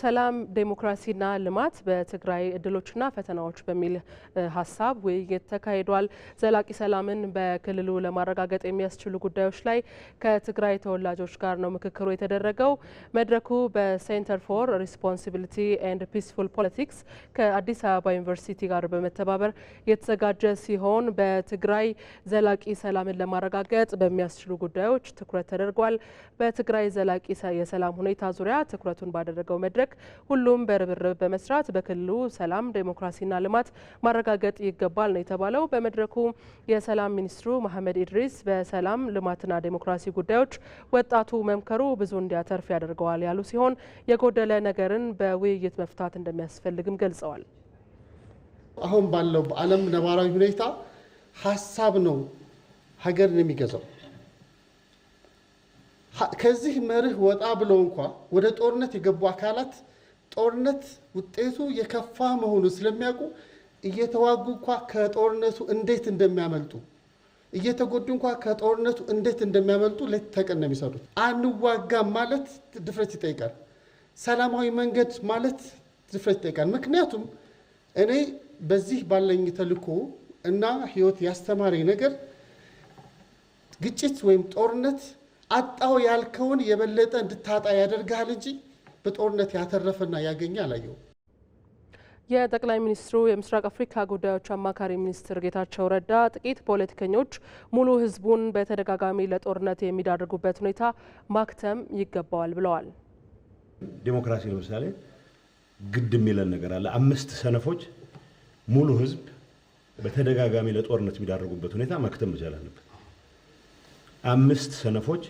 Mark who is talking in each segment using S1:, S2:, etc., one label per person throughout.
S1: ሰላም ዴሞክራሲና ልማት በትግራይ እድሎችና ፈተናዎች በሚል ሀሳብ ውይይት ተካሂዷል። ዘላቂ ሰላምን በክልሉ ለማረጋገጥ የሚያስችሉ ጉዳዮች ላይ ከትግራይ ተወላጆች ጋር ነው ምክክሩ የተደረገው። መድረኩ በሴንተር ፎር ሪስፖንሲቢሊቲ ኤንድ ፒስፉል ፖለቲክስ ከአዲስ አበባ ዩኒቨርሲቲ ጋር በመተባበር የተዘጋጀ ሲሆን በትግራይ ዘላቂ ሰላምን ለማረጋገጥ በሚያስችሉ ጉዳዮች ትኩረት ተደርጓል። በትግራይ ዘላቂ የሰላም ሁኔታ ዙሪያ ትኩረቱን ባደረገው መድረክ ለማድረግ ሁሉም በርብርብ በመስራት በክልሉ ሰላም፣ ዴሞክራሲና ልማት ማረጋገጥ ይገባል ነው የተባለው። በመድረኩ የሰላም ሚኒስትሩ መሐመድ ኢድሪስ በሰላም ልማትና ዴሞክራሲ ጉዳዮች ወጣቱ መምከሩ ብዙ እንዲያተርፍ ያደርገዋል ያሉ ሲሆን የጎደለ ነገርን በውይይት መፍታት እንደሚያስፈልግም ገልጸዋል።
S2: አሁን ባለው በዓለም ነባራዊ ሁኔታ ሀሳብ ነው ሀገርን የሚገዛው። ከዚህ መርህ ወጣ ብሎ እንኳ ወደ ጦርነት የገቡ አካላት ጦርነት ውጤቱ የከፋ መሆኑን ስለሚያውቁ እየተዋጉ እንኳ ከጦርነቱ እንዴት እንደሚያመልጡ እየተጎዱ እንኳ ከጦርነቱ እንዴት እንደሚያመልጡ ሌት ተቀን ነው የሚሰሩት። አንዋጋም ማለት ድፍረት ይጠይቃል። ሰላማዊ መንገድ ማለት ድፍረት ይጠይቃል። ምክንያቱም እኔ በዚህ ባለኝ ተልዕኮ እና ህይወት ያስተማረኝ ነገር ግጭት ወይም ጦርነት አጣው ያልከውን የበለጠ እንድታጣ ያደርግሃል እንጂ በጦርነት ያተረፈና ያገኘ አላየው።
S1: የጠቅላይ ሚኒስትሩ የምስራቅ አፍሪካ ጉዳዮች አማካሪ ሚኒስትር ጌታቸው ረዳ ጥቂት ፖለቲከኞች ሙሉ ሕዝቡን በተደጋጋሚ ለጦርነት የሚዳርጉበት ሁኔታ ማክተም ይገባዋል ብለዋል።
S3: ዴሞክራሲ ለምሳሌ ግድ የሚለን ነገር አለ። አምስት ሰነፎች ሙሉ ሕዝብ በተደጋጋሚ ለጦርነት የሚዳርጉበት ሁኔታ ማክተም መቻል አለበት። አምስት ሰነፎች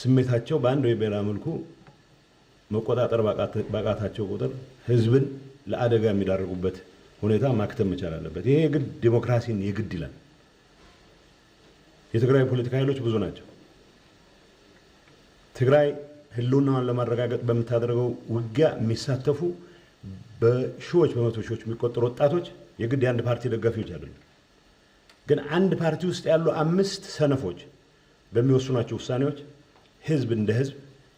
S3: ስሜታቸው በአንድ ወይ በሌላ መልኩ መቆጣጠር ባቃታቸው ቁጥር ህዝብን ለአደጋ የሚዳርጉበት ሁኔታ ማክተም መቻል አለበት። ይሄ የግድ ዲሞክራሲን የግድ ይላል። የትግራይ ፖለቲካ ኃይሎች ብዙ ናቸው። ትግራይ ህልውናዋን ለማረጋገጥ በምታደርገው ውጊያ የሚሳተፉ በሺዎች በመቶ ሺዎች የሚቆጠሩ ወጣቶች የግድ የአንድ ፓርቲ ደጋፊዎች አይደሉም። ግን አንድ ፓርቲ ውስጥ ያሉ አምስት ሰነፎች በሚወስኗቸው ውሳኔዎች ህዝብ እንደ ህዝብ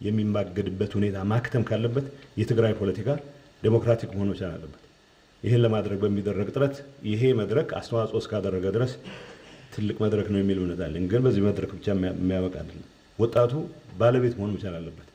S3: የሚማገድበት ሁኔታ ማክተም ካለበት የትግራይ ፖለቲካ ዴሞክራቲክ መሆን መቻል አለበት። ይህን ለማድረግ በሚደረግ ጥረት ይሄ መድረክ አስተዋጽኦ እስካደረገ ድረስ ትልቅ መድረክ ነው የሚል እምነት አለኝ። ግን በዚህ መድረክ ብቻ የሚያበቃ አይደለም። ወጣቱ ባለቤት መሆን መቻል አለበት።